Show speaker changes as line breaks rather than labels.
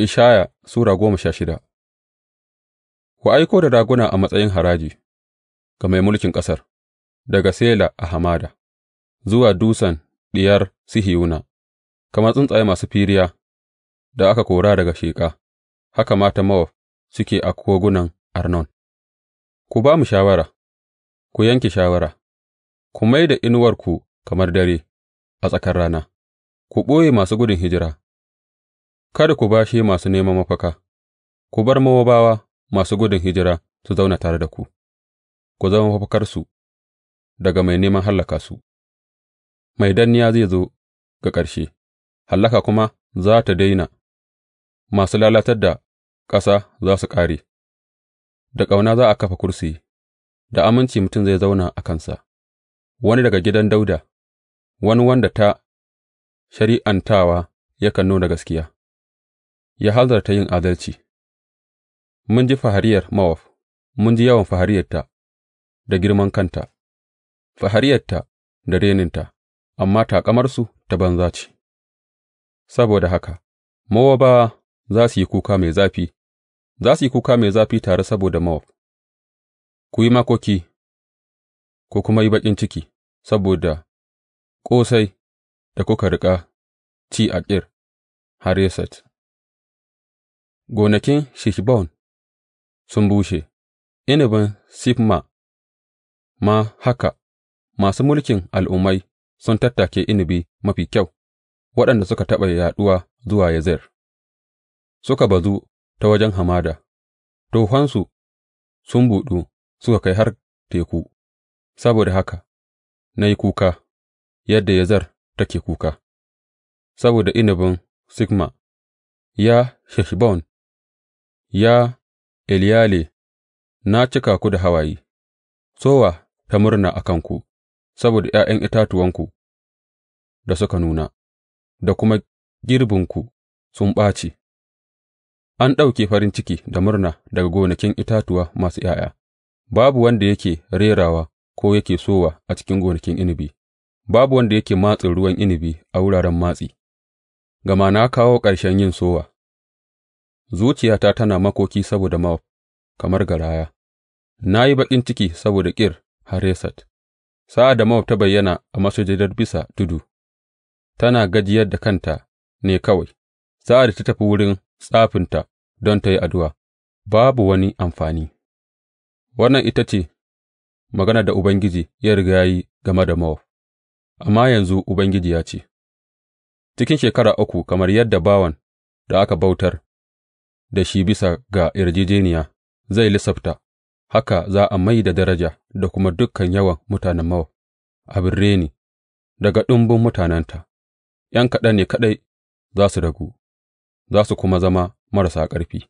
Ishaya Sura goma sha shida Ku aiko da raguna a matsayin haraji ga mai mulkin ƙasar, daga Sela a hamada, zuwa Dusan ɗiyar Sihiyuna, kamar tsuntsaye masu firiya da aka kora daga sheƙa, haka mata Mawab suke a kogunan Arnon. Ku ba mu shawara, ku yanke shawara, ku mai da inuwarku kamar dare a tsakar rana, ku ɓoye masu gudun hijira. Kada ku bashe masu neman mafaka; ku bar Mowabawa masu gudun hijira su zauna tare da ku, ku zama mafakarsu daga mai neman hallaka su, mai danniya zai zo ga ƙarshe, hallaka kuma za tă daina, masu lalatar da ƙasa za su ƙare, da ƙauna za a kafa kursi. da aminci mutum zai zauna a kansa, wani daga gidan Dauda. wani wanda ta shari'antawa yakan nuna gaskiya. ya hanzarta yin adalci Mun ji fahariyar mawaf, mun ji yawan fahariyarta da girman kanta, fahariyarta da reninta, amma taƙamarsu ta banza ce, saboda haka, mawaba za su yi kuka mai zafi, za su yi kuka mai zafi tare saboda mawaf, ku yi makoki, ku kuma yi baƙin ciki saboda
ƙosai da kuka riƙa ci a ƙir har Hareset. gonakin Shishbon sun bushe, inabin
Sifma. ma haka, masu mulkin al'ummai sun tattake inabi mafi kyau, waɗanda suka taɓa yaɗuwa zuwa Yazer, suka bazu ta wajen hamada, tohonsu sun buɗu
suka kai har teku, saboda haka na yi kuka yadda Yazer take kuka, saboda inabin Sigma,
ya Heshbon. Ya Eliyale, na cika ku da hawaye, sowa ta murna a kanku saboda ’ya'yan itatuwanku da suka nuna, da kuma girbinku sun ɓace; an ɗauke farin ciki da murna daga gonakin itatuwa masu ’ya'ya, babu wanda yake rerawa ko yake sowa a cikin gonakin inabi, babu wanda yake matsin ruwan inabi a wuraren matsi, gama na kawo ƙarshen yin sowa. zuciyata tana makoki saboda Mowab kamar garaya, na yi baƙin ciki saboda Kir Hareset, Sa'a da Mowab ta bayyana a masujadar bisa tudu, tana gajiyar da kanta ne kawai, sa'ad da ta tafi wurin tsafinta don ta yi addu'a, babu wani amfani. Wannan ita ce magana da Ubangiji ya riga ya yi game da Mowab, amma yanzu Ubangiji ya ce, Cikin shekara uku, kamar yadda bawan da aka bautar da shi bisa ga yarjejeniya zai lissafta, haka za a mai da daraja da kuma dukan yawan mutanen Mawab, abin reni daga ɗumbin mutanenta, ’yan kaɗan ne kaɗai za su ragu, za su
kuma zama marasa ƙarfi.